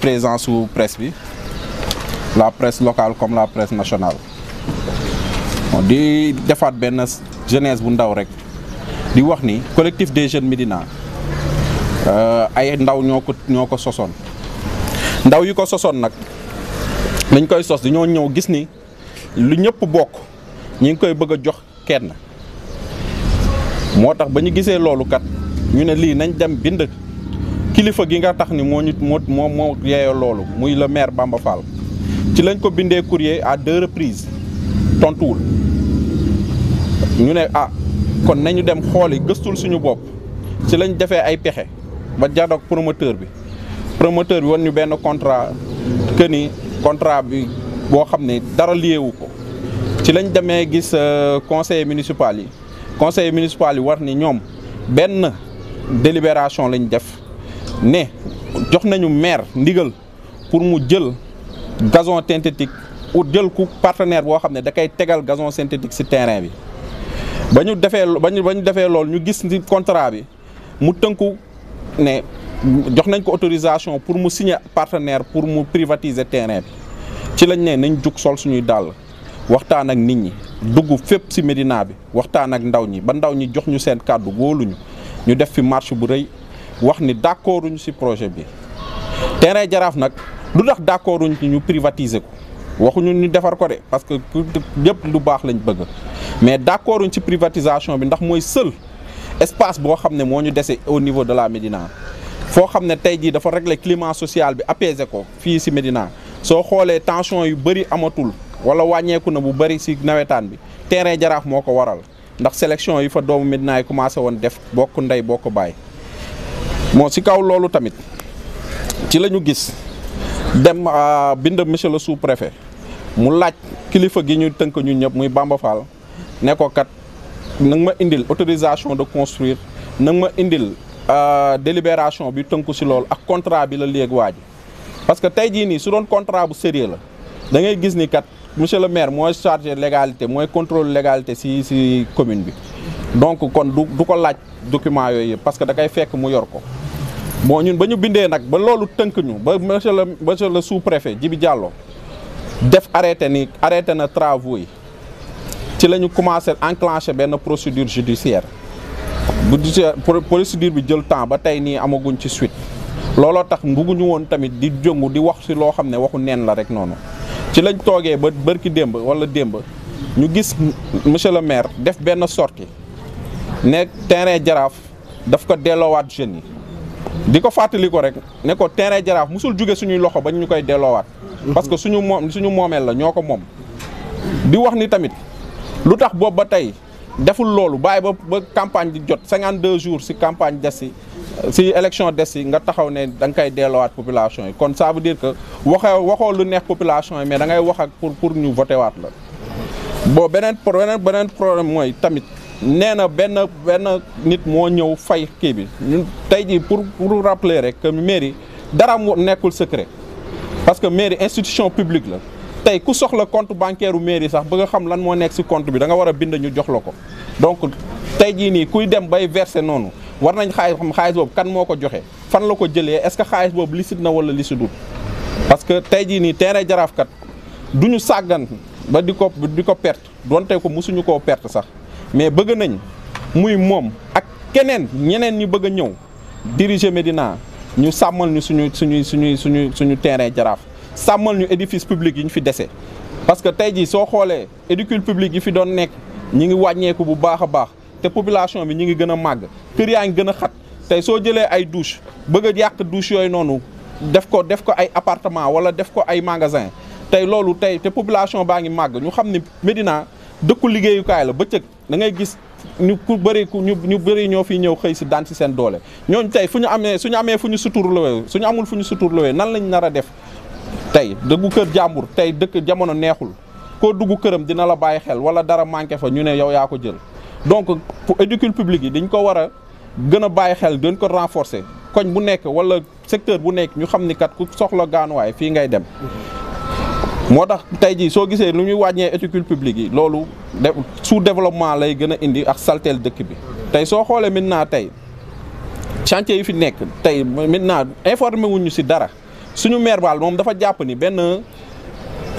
présence su presse bi la presse locale comme la presse nationale di defaat benn jeunesse bu ndaw rek di wax ni collectif des jeunes Médina euh, ay ndaw ñoo ko ñoo ko sosoon ndaw yi ko sosoon nag dañ koy sos ñoo ñëw gis ni lu ñëpp bokk ñu ngi koy bëgg a jox kenn moo tax ba ñu gisee loolu kat ñu ne lii nañ dem bind kilifa gi nga tax ni moo ñu moo moo moo yeeyoo loolu muy le maire Bamba Fall ci lañ ko bindee courrier à deux reprises tontuwul ñu ne ah kon nañu dem xooli gëstul suñu bopp ci lañ defee ay pexe ba jadoog promoteur bi promoteur bi wan ñu benn contrat que ni contrat bi boo xam ne dara liyewu ko ci lañ demee gis euh, conseil municipal yi conseil municipal yi war ni ñoom benn délibération lañ def ne jox nañu maire ndigal pour mu jël gazon synthétique ou jël ku partenaire boo xam ne da kay tegal gazon synthétique ci terrain bi ba ñu defee ba ñu ba defee loolu ñu gis ni contrat bi mu tënku ne jox nañ ko autorisation pour mu signer partenaire pour mu privatiser terrain bi ci lañ ne nañ jug sol suñuy dàll waxtaan ak nit ñi dugg fépp ci Médina bi waxtaan ak ndaw ñi ba ndaw ñi jox ñu seen kàddu wóoluñu ñu def fi marche bu rëy wax ni d'accorduñ ci projet bi terrain jaraaf nag lu tax d'accorduñ ci ñu privatiser ko waxuñu ñu defar ko de parce que yëpp lu baax lañ bëgg mais d'accorduñ ci privatisation bi ndax mooy seul espace boo xam ne moo ñu dese au niveau de la Médina foo xam ne tey jii dafa régler climat social bi apaiser ko fii ci Médina soo xoolee tension yu bëri amatul wala wàññeeku na bu bëri ci nawetaan bi terrain jaraaf moo ko waral ndax sélection yi fa doomu Médina yi commencé woon def bokk ndey bokk baay moo si kaw loolu tamit ci la ñu gis dem euh, bind monsieur le sous mu laaj kilifa gi ñu tënk ñu ñëpp muy Bamba Fall kat nag ma indil autorisation de construire nag ma indil euh, délibération bi tënku si lool ak contrat bi la léegi waaj parce que tey jii nii su doon contrat bu sérieux la da ngay gis ni kat monsieur le maire mooy chargé légalité mooy contrôle légalité si si commune bi donc kon du du ko laaj document yooyu yëpp parce que da koy fekk mu yor ko moo ñun ba ñu bindee nag ba loolu tënk ñu ba monsieur la monsieur le sous-préfet Djibi Diallo def arrêté ni arrêté na travaux yi ci la ñu commencé enclenché benn procédure judiciaire bu procédure bi jël temps ba tey nii amaguñ ci suite looloo tax mbuguñu woon tamit di jëngu di wax si loo xam ne waxu neen la rek noonu ci lañ toogee ba bërki démb wala démb ñu gis monsieur le maire def benn sortie ne terrain jaraaf daf ko delloowaat jeunes yi di ko fàttali ko rek ne ko teree jaraaf musul jóge suñuy loxo bañ ñu koy delloowaat parce que suñu moom suñu moomeel la ñoo ko moom di wax ni tamit lu tax boobu ba tey deful loolu bàyyi ba ba campagne di jot 52 jours si campagne des si si élection des si nga taxaw ne da nga koy dellowaat population yi kon ça veut dire que waxee waxoo lu neex population yi mais dangay ngay pour pour ñu voté waat la boo beneen beneen beneen problème mooy tamit nee na benn benn nit moo ñëw fay kii bi tey jii pour pour rappeler rek que mairie dara mu nekkul secret parce que mairie institution publique la tey ku soxla compte bancaire u mairie sax bëgg a xam lan moo nekk ci compte bi danga war a bind ñu jox la ko donc tey jii nii kuy dem bay verse noonu war nañ xaalis xam xaalis boobu kan moo ko joxe fan la ko jëlee est-ce que xaalis boobu licite na wala licite dul parce que tey jii nii terrain jaraafkat duñu sàggan ba di ko di ko perte donte ko mosuñu koo perte sax mais bëgg nañ muy moom ak keneen ñeneen ñu bëgg a ñëw diriger Médina ñu sàmmal ñu suñu suñuy suñuy suñu suñu terrain jaraaf sàmmal ñu édifice public yi ñu fi dese. parce que tey jii soo xoolee édicule public yi fi doon nekk ñi ngi wàññeeku bu baax a baax te population bi ñu ngi gën a màgg kër yaa ngi gën a xat tey soo jëlee ay douche bëgg a yàq douche yooyu noonu def ko def ko ay appartement wala def ko ay magasin tey loolu tey te population baa ngi màgg ñu xam ne Médina dëkku liggéeyukaay la bëccëg da ngay gis ñu ku bëri ñu ñu bëri ñoo fi ñëw xëy si daan si seen doole ñooñu tey fu ñu amee suñu amee fu ñu suturlawee suñu amul fu ñu suturlawee nan lañ nar a def tey dëggu kër jàmbur tey dëkk jamono neexul koo dugg këram dina la bàyyi xel wala dara manqué fa ñu ne yow yaa ko jël donc pour éducule yi dañ ko war a gën a bàyyi xel gën ko renforcer koñ bu nekk wala secteur bu nekk ñu xam ni kat ku soxla gaanuwaay fii ngay dem moo tax tey jii soo gisee lu ñuy wàññee études publiques yi loolu su sous lay gën a indi ak salteel dëkk bi tey soo xoolee maintenant tey chantier yi fi nekk tey maintenant informé wuñu si dara suñu maire baal moom dafa jàpp ni benn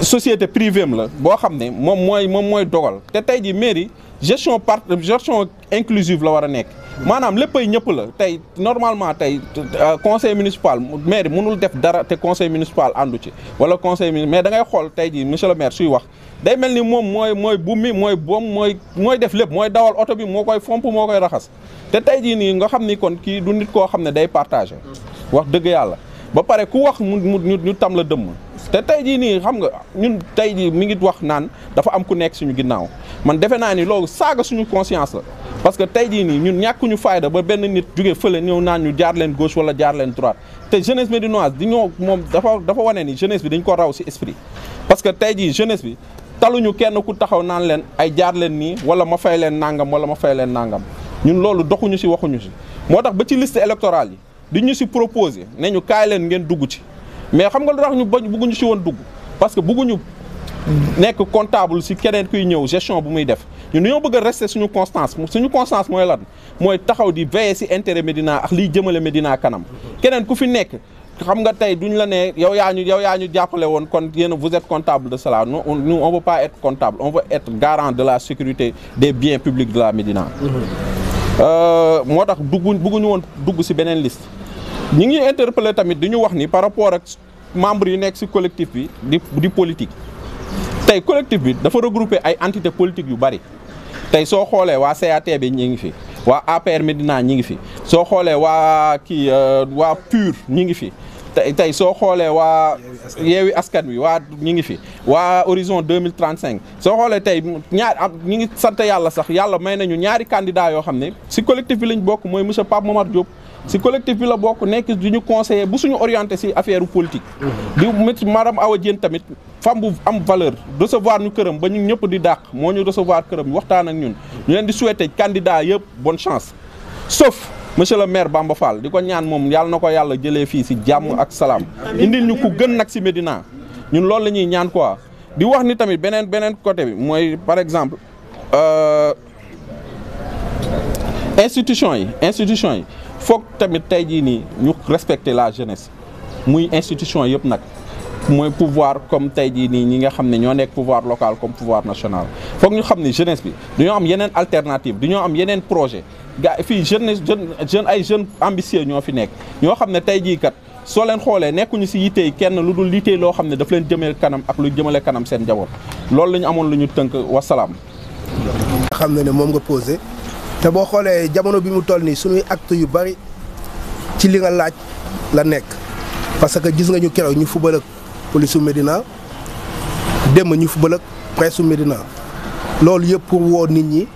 société privée la boo xam ne moom mooy moom mooy dogal te tey jii mairie gestion part gestion inclusive la war a nekk maanaam léppay ñëpp la tey normalement tey euh, conseil municipal maire mënul def dara te conseil municipal àndu ci wala conseil mais da xool tey jii monsieur le maire suy wax day mel ni moom mooy mooy buum mi mooy boom mooy mooy def lépp mooy dawal oto bi moo koy fomp moo koy raxas te tey jii nii nga xam ni kon kii du nit koo xam ne day partagé wax dëgg yàlla ba pare ku wax mu mu ñu tam la dëmm te tey jii nii xam nga ñun tey jii mi ngi wax naan dafa am ku nekk suñu ginnaaw man defe naa ni loolu saaga suñu conscience la parce que tey jii nii ñun ñàkkuñu fayda ba benn nit jóge fële ñëw naan ñu jaar leen gauche wala jaar leen droite te jeunesse médinoise di ñoo moom dafa dafa wane ni jeunesse bi dañ ko raw ci esprit parce que tey jii jeunesse bi taluñu kenn ku taxaw naan leen ay jaar leen nii wala ma fay leen nangam wala ma fay leen nangam ñun loolu doxuñu ci waxuñu ci moo tax ba ci liste électorale yi di ñu si proposé ne ñu kaay leen ngeen dugg ci mais xam nga lu tax ñu bañ bëgguñu si woon dugg parce que ñu nekk comptable si keneen kuy ñëw gestion bu muy def ñun dañoo bëgg a suñu constance suñu constance mooy lan mooy taxaw di veiller si intérêt Médina ak liy jëmale Médina kanam keneen ku fi nekk xam nga tey duñ la ne yow yaa ñu yow yaa ñu jàppale woon kon yéen vous êtes comptable de cela non on nous on veut pas être comptable on veut être garant de la sécurité des biens publics de la Médina. Mm-hmm. Euh, moo tax dugguñ bëgguñu woon dugg si beneen liste. ñi ngi interpellé tamit di ñu wax ni par rapport ak membre yu nekk ci collectif bi di di politique tey collectif bi dafa regroupé ay antité politique yu bari tey soo xoolee waa CAT bi ñi ngi fi waa APR Médina ñi ngi fi soo xoolee waa kii euh, waa PUR ñi ngi fi tey tey soo xoolee waa yeewi askan wi waa ñi ngi fi waa horizon 2035 soo xoolee tey ñaar am ñi ngi sant yàlla sax yàlla may nañu ñaari candidat yoo xam ne si collectif bi lañ bokk mooy monsieur Pape Momar Diop si collectif bi la bokk nekk du ñu conseiller bu suñu orienté si affaire politique. di métti madame Awa Diène tamit femme bu am valeur recevoir ñu këram ba ñu ñëpp di dàq moo ñu recevoir këram waxtaan ak ñun. ñu leen di souhaiter candidat yëpp bon chance sauf. monsieur le maire Bamba Fall di ko ñaan moom yàlla na ko yàlla jëlee fii si jàmm ak salaam indi ñu ku gën nag si Médina ñun loolu la ñuy ñaan quoi di wax ni tamit beneen beneen côté bi mooy par exemple euh, institution yi institution yi foog tamit tey jii nii ñu respecter la jeunesse muy institution yëpp nag mooy pouvoir comme tey jii nii ñi nga xam ne ñoo nekk pouvoir local comme pouvoir national foog ñu xam ne jeunesse bi dañoo am yeneen alternative dañoo am yeneen projet ga fii jeunesse jeune ay jeunes ambitieux ñoo fi nekk ñoo xam ne tey jii kat soo leen xoolee nekkuñu si yittey kenn lu dul yittey loo xam ne daf leen jëmee kanam ak lu jëmale kanam seen njaboot loolu la ñu amoon lu ñu tënk wasalaam. xam na ne moom nga posé. te boo xoolee jamono bi mu toll nii suñuy acte yu bari ci li nga laaj la nekk parce que gis nga ñu keroog ñu fubal ak polisu Médina dem ñu fubal ak presse Médina loolu yëpp pour woo nit ñi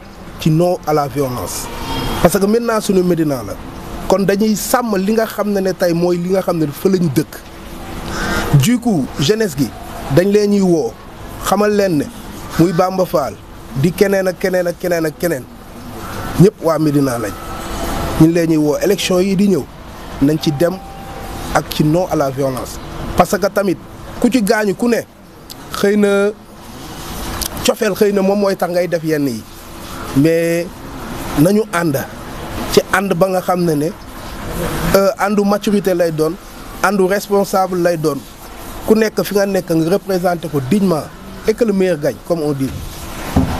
ci non à la violence parce que maintenant suñu Médina la kon dañuy sàmm li nga xam ne ne tey mooy li nga xam ne fa la ñu dëkk du coup gi dañ leen ñuy woo xamal leen ne muy Bamba Fall di keneen ak keneen ak keneen ak keneen ñëpp waa Médina lañ ñun lee ñuy woo élection yi di ñëw nañ ci dem ak ci non à la violence parce que tamit ku ci gaañu ku ne xëy na cofeel xëy na moom mooy tax ngay def yenn yi mais nañu ànd ci ànd ba nga xam ne ne euh, àndu maturité lay doon àndu responsable lay doon ku nekk fi nga nekk nga représenté ko dignement et que le comme on dit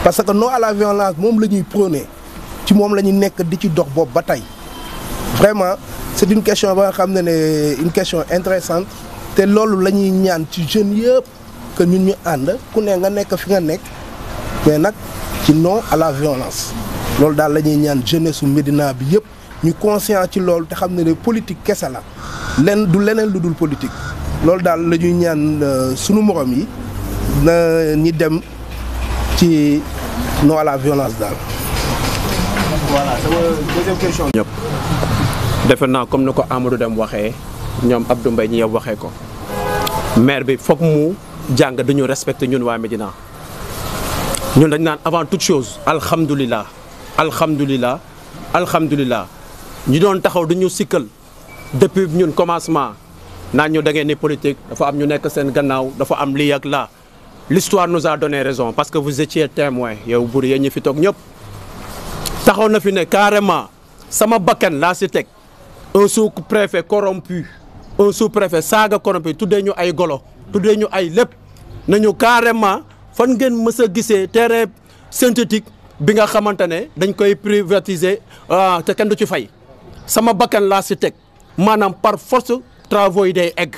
parce que non à la violence moom la ñuy prôné ci moom la ñu nekk di ci dox boobu ba tey vraiment c'est une question ba nga xam ne ne une question intéressante te loolu la ñuy ñaan ci jeunes yëpp que ñun ñu ànd ku ne nga nekk fi nga nekk mais nag ci non à la violence loolu daal la ñuy ñaan jeunesse su Médina bi yëpp ñu conscient ci loolu te xam ne ne politique kese la len du leneen lu dul politique loolu daal lañuy ñuy ñaan euh, sunu morom yi na ñi dem ci non à la violence daal voilà sama ñëpp defe naa comme ni ko Amadou Deme waxee ñoom Abdou Mbaye waxee ko maire bi foog mu jàng du ñu respecté ñun waa Médina ñun dañ naan avant toute chose alhamdulilah alhamdulilah alhamdulilah ñu doon taxaw du ñu sikkal depuis ñun commencement naan ñu da ngeen ni politique dafa am ñu nekk seen gannaaw dafa am li ak la l'histoire nous a donné raison parce que vous étiez témoin yow buur yéen ñi fi toog ñëpp. taxaw na fi ne carrément sama bakkan laa si teg un sous-préfet corrompu un sous-préfet saaga corrompu tuddee ñu ay golo tuddee ñu ay lépp nañu carrément fan ngeen mësa gisee terrain synthétique bi nga xamante ne dañ koy privatiser ah, te kenn du ci fay sama bakkan laa si teg maanaam par force travaux yi day egg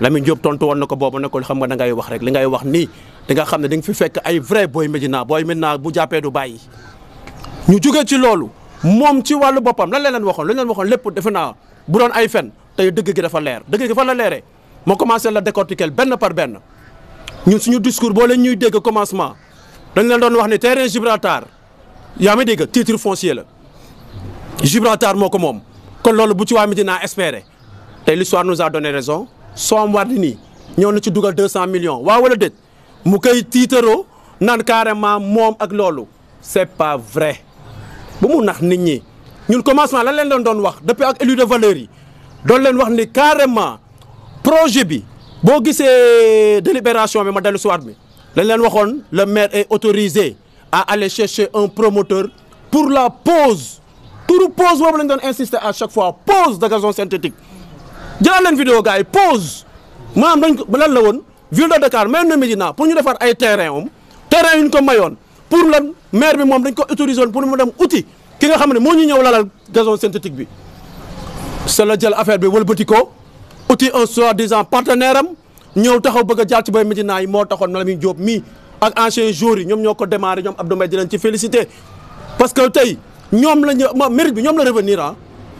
Lamine Diop tontu woon na ko boobu ne ko xam nga da ngay wax rek li ngay wax nii di nga xam ne da fi fekk ay vrai booy Médina booy Médina bu jàppee du bàyyi. ñu jógee ci loolu moom ci wàllu boppam lan la leen waxoon lañ leen waxoon lépp defe naa bu doon ay fen tey dëgg gi dafa leer dëgg gi fa la leere moo commencé la décortiquer benn par benn ñun suñu discours boo leen ñuy dégg commencement dañ leen doon wax ne terrain Gibraltar yaa ngi dégg titre foncier la Gibraltar moo ko moom kon loolu bu ci waa Médina espérer tey l'histoire nous a donné raison Soham Wardini ñëw na ci dugal 200 millions waaw wala déet mu koy tiitaroo naan carrément moom ak loolu c'est pas vrai. bu mu nax nit ñi ñun commencement la leen leen doon wax depuis ak élu de valeur doon leen wax ni carrément projet bi boo gisee délibération bi ma dellu siwaat bi lañ leen waxoon le maire est autorisé à aller chercher un promoteur pour la pose tour pose boobu lañ doon insister à chaque fois pose de gazon synthétique jëlaat leen vidéo gars yi pose maanaam dañ ko lan la woon ville de Dakar même na Médina pour ñu defar ay terrain om terrain yu ñu ko mayoon pour lan maire bi moom dañ ko autorisé pour mu dem uti ki nga xam ne moo ñu ñëw la lalal gazon synthétique bi sa la jël affaire bi wëlbati ko uti un soi-disant partenaire am ñëw taxaw bëgg a jaar ci bay Médina yi moo taxoon na la mi jóob mii ak ancien joueurs yi ñoom ñoo ko démarré ñoom Abdou Mbaye di leen ci félicité parce que tey ñoom la ñu mérite bi ñoom la revenir ah,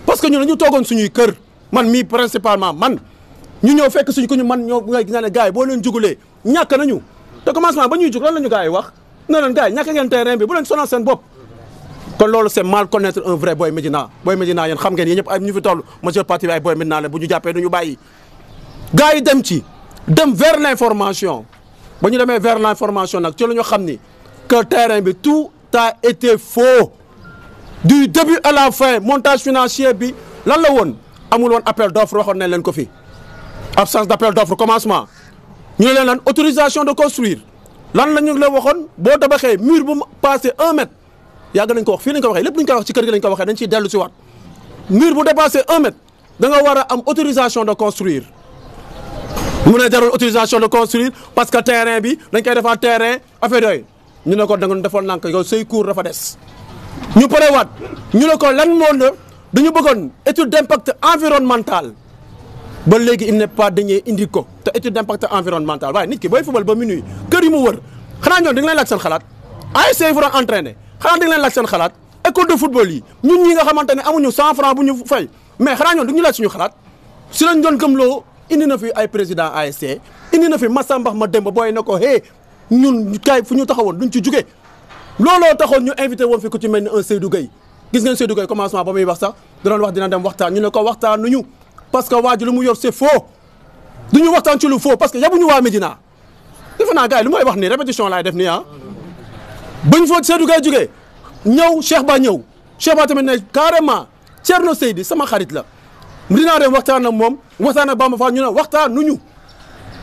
parce que ñun dañu toogoon suñuy kër man mii principalement man ñu ñëw fekk suñ ko ñu man ñoo ngay gis ne gars yi boo leen jugulee ñàkk nañu te commencement ba ñuy jug lan la ñu gars yi wax na leen gars yi ñàkk ngeen terrain bi bu leen sonal seen bopp kon loolu c'est mal connaître un vrai boy Médina boy Médina yéen xam ngeen yéen ñëpp ay ñu fi toll monsieur parti bi ay boy Médina leen bu ñu jàppee du ñu bàyyi gars yi dem ci dem vers l'information ba ñu demee vers l'information nag ci la ñu xam ni que terrain bi tout ta été faux du début à la fin montage financier bi lan la woon amul woon appel d'offre waxoon nañ leen ko fi absence d'appel d'offre commencement ñu ne leen autorisation de construire lan la ñu la waxoon boo tabaxee mur bu passé un mètre yàgg nañ ko wax fii lañ ko waxee lépp luñ ko wax ci kër gi lañ ko waxee dañ ciy dellu si waat mur bu dépassé un mètre da war a am autorisation de construire mu ne jarul autorisation de construire parce que terrain bi dañ koy defaat terrain affaire yooyu ñu ne ko da nga defoon nànk yow say cours dafa des ñu parewaat ñu ne ko lan moo la dañu bëggoon étude d'impact environnemental ba léegi il n'est pas dañee indi ko te étude d'impact environnemental waaye nit ki booy fubal ba minuit yi mu wër xanaa ñoom da nga leen laaj seen xalaat ASC yi fa doon entraîné xanaa da nga seen xalaat école de football yi ñun ñi nga xamante ne amuñu cent franc bu ñu fay mais xanaa ñoom du ñu laaj xalaat si lañ doon gëmloo indi na fi ay président ASC indi na fi Massamba ma Demba booy na ko hé kay fu ñu taxawoon duñ ci jugee looloo taxoon ñu invité woon fi ku ci mel ni un Seydou Gueye gis ngeen Seydou Gueye commencement ba muy wax sax da wax dina dem waxtaan ñu ne ko waxtaan nuñu parce que waa ji lu defe naa gars yi lu may wax nii répétition laay def nii ah bañ foog Seydou Gueye jógee ñëw Cheikh Ba ñëw Cheikh Ba tamit ne carrément Thierno Seydi sama xarit la dinaa dem waxtaan na moom waxtaan ak Bamba Fall ñu ne waxtaan nuñu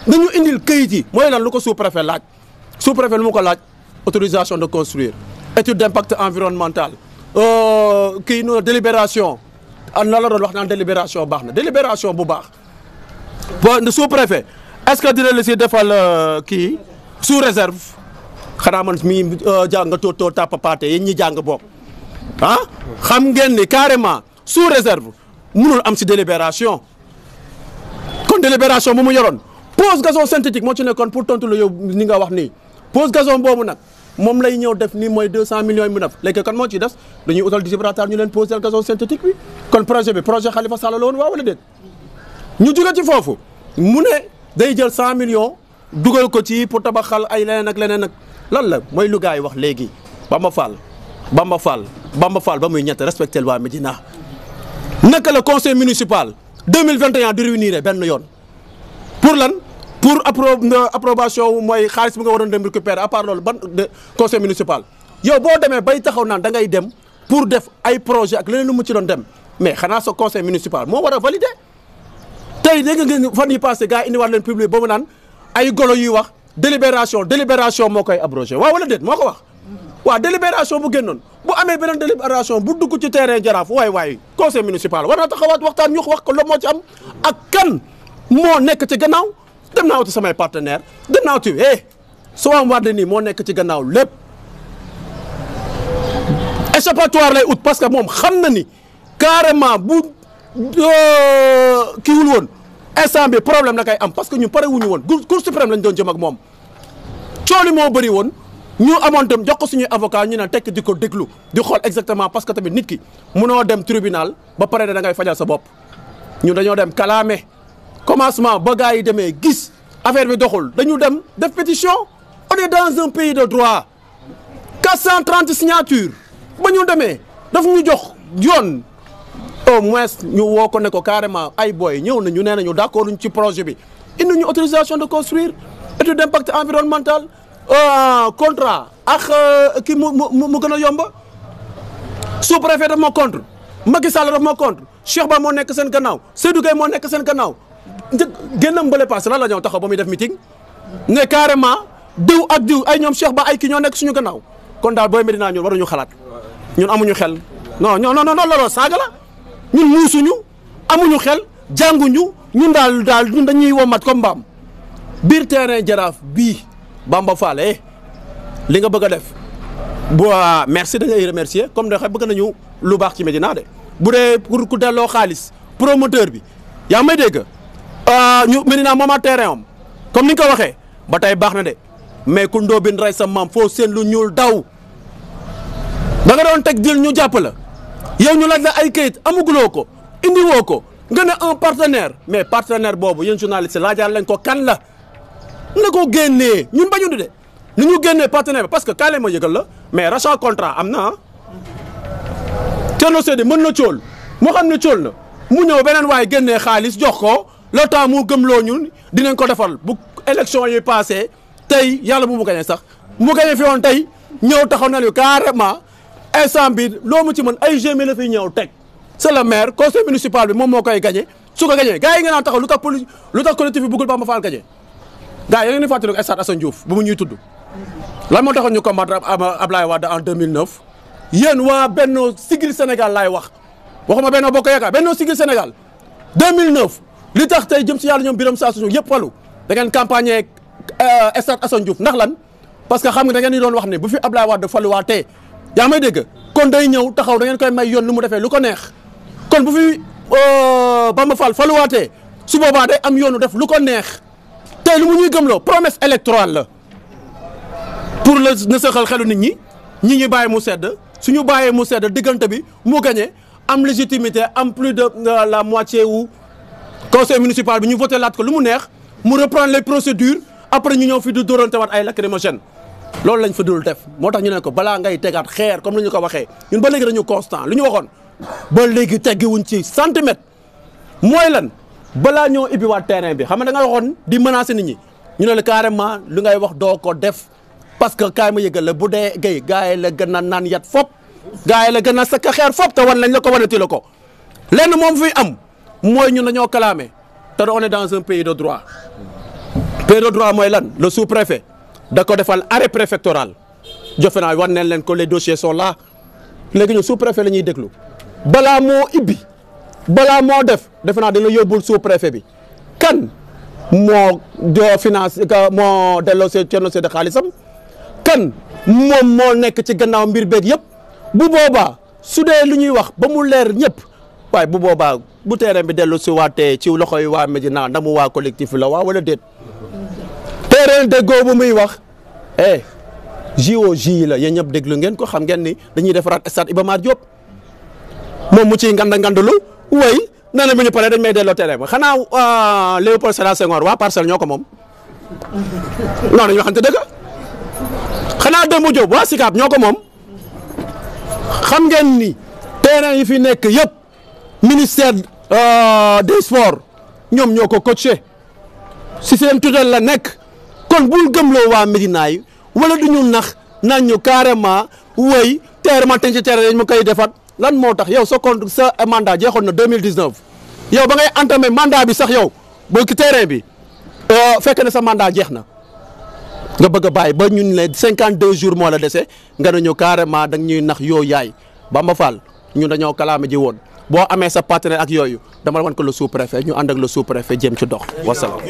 nañu indil këyit yi mooy lan lu ko sous-préfet laaj sous-préfet lu mu ko laaj autorisation de construire étude d'impact environnemental euh, kii no délibération an na la doon wax naan bu baax na délibération bu baax sous-préfet est-ce que dina la si defal euh, kii sous réserve xanaa man mi euh, jàng too too tàppapaate yéen ñi jàng bokk ah xam ngeen ni carrément sous réserve mënul am si délibération kon délibération bu mu yoroon pose gazon synthétique moo ci nekkoon pour tontu la yow ni nga wax nii pose gazon boobu nag moom lay ñëw def nii mooy 200 millions yi mu def léegi kan moo ci des dañuy utal distributeur ñu leen posé gazon synthétique bi kon projet bi projet Khalifa Sall la woon waaw wala déet ñu jóge foofu day jël cent million dugal ko ci pour tabaxal ay leneen ak leneen ak lan la mooy lu yi wax léegi Bamba Fall Bamba Fall Bamba Fall ba muy ñett respecté waa Médina naka la conseil municipal 2021 di réunir benn yoon pour lan pour appro approbation mooy xaalis bi nga waroon dem récupérer à part loolu ban conseil municipal yow boo demee bay taxaw naan da ngay dem pour def ay projet ak leneen lu mu ci doon dem mais xanaa sa conseil municipal moo war a valider tey dégg ngeen fan yi passé gars yi indiwaat leen public ba mu naan ay golo yuy wax délibération délibération moo koy abrogé waa wala déet moo ko wax waa délibération bu génnoon bu amee beneen délibération bu dugg ci terrain jaraaf waay waay conseil municipal war naa taxawaat waxtaan ñu wax ko loolu moo ci am ak kan moo nekk ci gannaaw dem naa ci samay partenaire dem naa wuti eh soo am wàllu nii moo nekk ci gannaaw lépp échappatoire lay ut parce que moom xam na ni carrément bu euh, kiiwul instant bi problème na kay am parce que ñu pare wuñu woon cour suprême lañ doon jëm ak moom cooli moo bëri woon ñu amoon tam jox ko suñuy avocat ñu naan tekk di ko déglu di xool exactement parce que tamit nit ki munoo dem tribunal ba pare da ngay fajal sa bopp ñu dañoo dem kalaame commencement ba gars yi demee gis affaire bi doxul dañu dem def pétition on est dans un pays de droit 430 signatures ba ñu demee daf ñu jox yoon au moins ñu woo ko ne ko carrément ay booy ñëw nañu nee nañu ñu ci projet bi indi ñu autorisation de construire étude d'impact environnemental euh, contrat ak euh, ki mu mu mu gën a yomba sous-préfet daf ma contre Macky Sall daf ma contre Cheikh Ba moo nekk seen gannaaw Seydou Gueye moo nekk seen gannaaw një génnam mbële paase lan la ñëw taxaw ba muy def meeting ne carrément diw ak diw ay ñoom Cheikh Ba ay ki ñoo nekk suñu gannaaw kon daal booy Medina ñun waruñu xalaat ñun amuñu xel non non non non ñun muusuñu amuñu xel jànguñu ñun daal daal ñun dañuy womat comme mbaam biir terrain jaraaf bii Bamba Fall eh li nga bëgg a def bu ah, merci da ngay remercier comme da xam bëgg nañu lu baax ci Médina de bu dee pour ku delloo xaalis promoteur bi yaa may dégg ah, ñu Médina moomaat terrain am comme ni nga ko waxee ba tey baax na de mais ku ndóobin rey sa maam foo seen lu ñuul daw ba nga doon teg dil ñu jàpp la. yow ñu laaj la ay kayit amuguloo ko indi woo ko nga ne un partenaire mais partenaire boobu yéen journaliste laajaar lañ ko kan la na ko génnee ñun bañu du de nu ñu génnee partenaire bi parce que kaale ma yëgal la mais rachat contrat am na ah. Thierno Seydi mën na cóol moo xam na cóol na mu ñëw beneen waaye génnee xaalis jox ko le temps mu gëmloo ñun dinañ ko defal bu élection yi passé tey yàlla bu mu gañee sax mu gañee fi woon tey ñëw taxaw na lu carrément instant bi loo mu ci mën ay GMA la fi ñëw teg c'est le maire conseil municipal moom moo koy gagné su ko gagné gars yi nga naan taxaw lu tax poli lu tax collectif bi bëggul Bamba Fall gagné gars yi da ngeen di fàttaliku stade Assane Diouf bu mu ñuy tudd lan moo taxoon ñu combattre Ablaye Wade en 2009 yéen waa Benno Siggil Sénégal laay wax waxuma Benno Bokk Yaakaar Benno Siggil Sénégal 2009 li tax tey jëm si yàlla ñoom Birame Saa Suñu yëpp falu da ngeen campagne euh, stade Assane Diouf ndax lan parce que xam nga da ngeen di doon ne bu fi Ablaye Wade faluwaatee yaa may dégg kon day ñëw taxaw da ngeen koy may yoon lu mu defee lu ko neex kon bu fi euh, Bamba Fall faluwaatee su boobaa de am yoonu def lu ko neex tey lu mu ñuy gëmloo promesse électorale la pour la nësaxal xelu nit ñi ñi ñi bàyyi mu sedd suñu bàyyee mu sedd diggante bi mu gagné am légitimité am plus de euh, la moitié wu conseil municipal bi ñu voté laat ko lu mu neex mu reprendre les procédures après ñu ñëw fi du dóorante waat ay lacrymogène loolu lañ fa dul def moo tax ñu ne ko balaa ngay tegaat xeer comme ni ñu ko waxee ñun ba léegi dañu constant lu ñu waxoon ba léegi teggiwuñ ci centimètre mooy lan balaa ñoo ibbiwaat terrain bi xam na da nga waxoon di menacer nit ñi ñu ne la carrément lu ngay wax doo ko def parce que kaay ma yëgal la bu dee gay gars yi la gën a naan yat fop gars yi la gën a sakk xeer fop te wan lañ la ko wanati la ko lenn moom fi am mooy ñun ñoo kalaame te on est dans un pays droit pays de mooy lan le sous-préfet da ko defal arrêt préfectoral jofe naa wan neen leen ko les dossiers sont léegi ñun sous préfet la ñuy déglu balaa moo ibbi balaa moo def defe naa dina yóbbul sous préfet bi kan moo finance moo delloo see cennoo de xaalisam kan moom moo nekk ci gannaaw mbir beeg yëpp bu boobaa su dee lu ñuy wax ba mu leer ñëpp waaye bu boobaa bu terrain bi dellu si waatee ci loxoy waa naa Médina mu waa collectif la waa wala déet terrain déggoo bu muy wax eh JOJ yi la yéen ñëpp déglu ngeen ko xam ngeen ni dañuy defaraat stade Iba Mar moom mu ciy nganda ngandalu way nee na bu ñu paree dañ may delloo terrain ba xanaa euh, Léopold Sédar Senghor waa parcelle ñoo ko moom non dañu waxante dëgg xanaa Demba Diop waa Sicap ñoo ko moom xam ngeen ni terrain yi fi nekk yëpp ministère euh, des ñoom ñoo ko coaché si seen tutelle la nekk. kon bul gëmloo waa Médina yi wala du ñu nax naan ñu carrément woy terre ma tënk ci terre dañ ma koy defaat lan moo tax yow sa compte sa mandat jeexoon na 2019 yow ba ngay entamé mandat bi sax yow ba ki terrain bi euh, fekk na sa mandat jeex na nga bëgg a bàyyi ba ñun ne 52 jours moo la dese nga ne ñu carrément da ñuy nax yoo yaay Bamba Fall ñun dañoo kalaame ji woon. boo amee sa partenaire ak yooyu dama wan ko le sous préfet ñu ànd ak le sous préfet jëm ci dox wasalaam.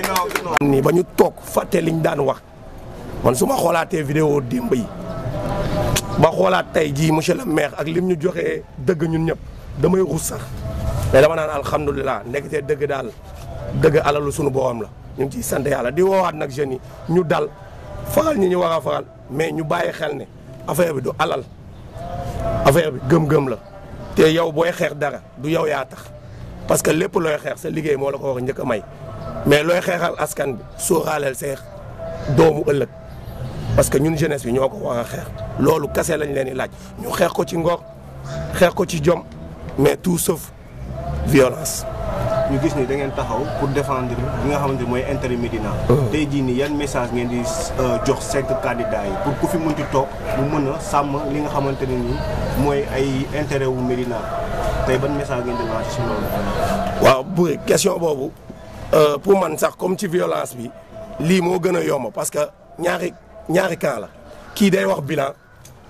ni ba ñu toog fàtte liñ daan wax man su ma xoolaatee video di yi ba xoolaat tey jii monsieur la maire ak lim ñu joxee dëgg ñun ñëpp damay rus sax mais dama naan alhamdulilah nekkitee dëgg daal dëgg alalu sunu boobam la ñu ngi ciy sant yàlla di woowaat nag jeunes yi ñu dal faral ñi ñu war a faral mais ñu bàyyi xel ne affaire bi du alal affaire bi gëm-gëm la. te yow booy xeex dara du yow yaa tax parce que lépp looy xeex sa liggéey moo la ko wax njëkk a may mais looy xeexal askan bi sóoraaleel seex doomu ëllëg parce que ñun jeunesse bi ñoo ko war a xeex loolu kase lañ leen di laaj ñu xeex ko ci ngor xeex ko ci jom mais tout sauf violence ñu gis ni da ngeen taxaw pour défendre li nga xamante ni mooy intérêt Médina. Uh-huh. tey jii nii yan message ngeen di euh, jox cinq candidats yi pour ku fi mënti toog mu mën a sàmm li nga xamante ne nii mooy ay intérêt wu Médina tey ban message ngeen di si loolu. waaw bu question boobu euh, pour man sax comme ci violence bi lii moo gën a yomb parce que ñaari ñaari camp la kii day wax bilan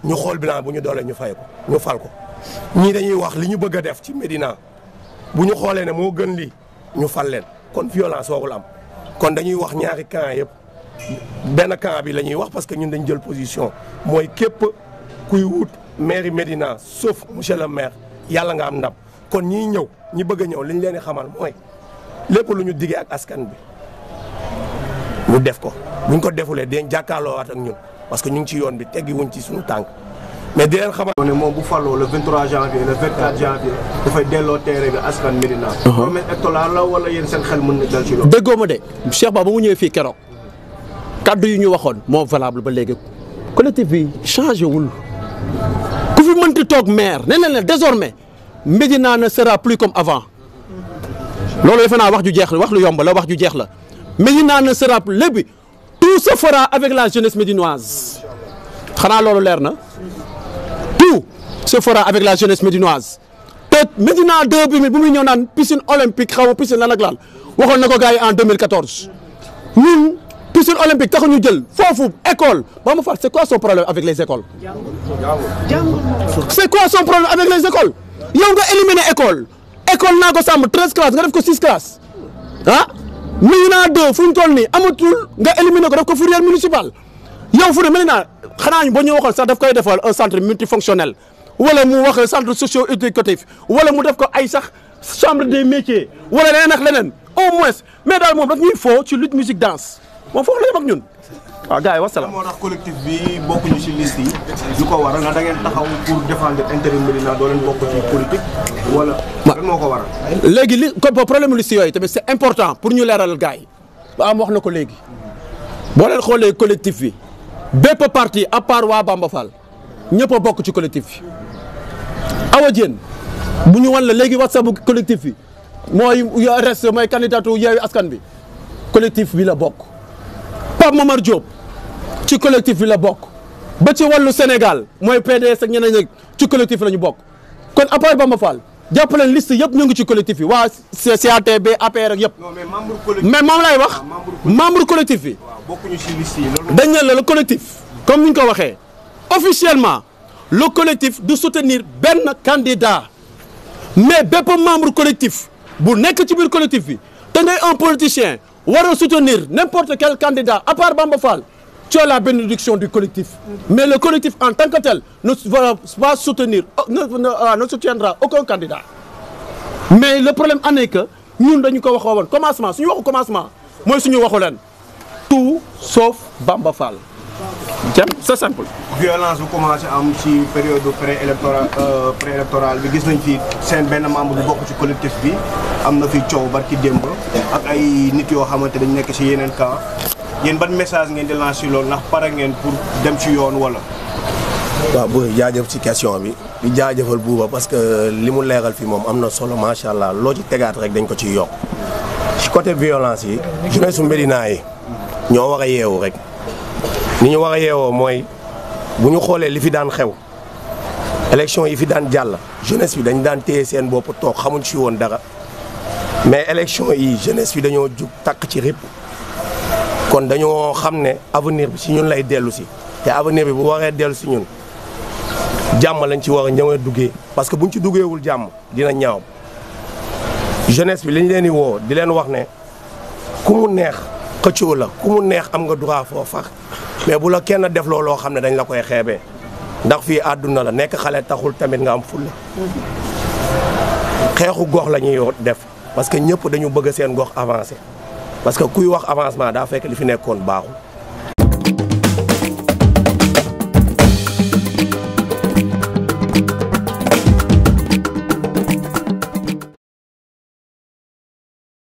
ñu xool bilan bu ñu doolee ñu fay ko ñu fal ko ñii dañuy wax li ñu bëgg a def ci Médina. bu ñu xoolee ne moo gën li ñu fal leen kon violence warul am kon dañuy wax ñaari camp yëpp benn camp bi la ñuy wax parce que ñun dañ jël position mooy képp kuy wut mairie Médina sauf monsieur le maire yàlla nga am ndam kon ñiy ñëw ñi bëgg a ñëw li ñu leen di xamal mooy lépp lu ñu diggee ak askan bi ñu def ko buñ ko defulee dañ jàkkaarloowaat ak ñun parce que ñu ngi ci yoon bi teggi wuñ ci suñu tànk mais di leen xamal ne moom bu falloo le 23 delloo teere bi askan Médina. Uh-huh. promesse électorale wala yéen seen xel mën na dal ci loolu. déggoo ma de Cheikh Ba ba mu ñëwee fii keroog kaddu yu ñu waxoon moo valable ba léegi collectif bi changé wul ku fi mënti toog maire nee na la désormais Médina ne sera plus comme avant loolu defe naa wax ju jeex la wax lu yomb la wax ju jeex la Médina ne sera plus lépp tout se fera avec la jeunesse médinoise xanaa loolu leer na. tout se fera avec la jeunesse médinoise Médina 2 bi bu muy ñëw naan piscine olympique xaw ma piscine lan ak laal waxoon na ko gars yi en 2014 ñun piscine olympique taxu ñu jël foofu école ba ma far c'est quoi son problème avec les écoles. c'est quoi son problème avec les écoles yow nga éliminé école école naa ko sàmm nga def ko 6 classes ah Médina 2 fu ñu toll nii amatul nga éliminé ko def ko fourrière municipale. yow fu ne mel naa xanaa ba ñu waxoon sax daf koy defal un centre multifonctionnel wala mu wax centre socio éducatif wala mu def ko ay sax chambre des métiers wala leneen ak leneen au moins mais daal moom daf ñuy foo ci lutte musique danse moom foofu la yem ak ñun. waaw gars yi wasalaam moo tax collectif bi bokkuñu ci liste yi lu ko waral na da ngeen taxaw pour défendre intérêt moo ko waral. léegi li ko problème liste yooyu tamit c'est important pour ñu leeral gaay yi am wax na ko léegi boo leen xoolee collectif bi. bépp parti à part waa Bamba ñëpp a bokk ci collectif bi Awa bu ñu wan la léegi whatsapp collectif bi mooy reste mooy candidature Yewwi Askan bi collectif bi la bokk Pape Momar Diop ci collectif bi la bokk ba ci wàllu Sénégal mooy PDS ak ñeneen ñi ci collectif la ñu bokk kon à part jàpp leen liste yëpp ñu ngi ci collectif yi waa CATB APR ak yëpp. mais moom lay wax. Ah, membre collectif yi. bokkuñu ci liste collectif. comme ni ñu ko waxee officiellement le collectif du soutenir benn candidat mais bépp membre collectif bu nekk ci biir collectif bi te ngay un politicien war a soutenir n'importe quel candidat à part Bamba Fall. tu la bénédiction du collectif. Mais le collectif en tant que tel ne va pas soutenir, ne, ne, ah, aucun candidat. Mais le problème en est que ñun dañu ko waxoo woon commencement suñu waxu commencement mooy suñu waxu leen tout sauf Bamba Fall. jam c'est simple. violence bu commencé am ci période préélectorale euh, préélectorale bi gis nañ fi seen benn membre bu bokk ci collectif bi am na fi coow barki démb ak ay nit yoo xamante dañu nekk ci yeneen ka yéen ban message ngeen di lancer nax ndax pare ngeen pour dem ci yoon wala. waaw bu jaajëf ci question bi di jaajëfal buuba parce que li mu leeral fi moom am na solo macha allah loo ci tegaat rek dañ ko ci yokk ci côté violence yi jeunesse su Médina yi ñoo war a yeewu rek ni ñu war a yeewoo mooy bu ñu xoolee li fi daan xew élection yi fi daan jàll jeunesse bi dañ daan téye seen bopp toog xamuñ ci woon dara mais élection yi jeunesse bi dañoo jug takk ci rip kon dañoo xam ne avenir bi si ñun lay dellu si te avenir bi bu waxee dellu si ñun jàmm lañ ci war a ñëwee duggee parce que buñ ci duggeewul jàmm dina ñaaw jeunesse bi li ñu leen di woo di leen wax ne ku mu neex xëccoo la ku mu neex am nga droit foo fax mais bu la kenn def looloo xam ne dañ la koy xeebee ndax fii àdduna la nekk xale taxul tamit nga am fulla xeexu gox la ñuy def parce que ñëpp dañu bëgg seen gox avancé parce que kuy wax avancement daa fekk li fi nekkoon baaxul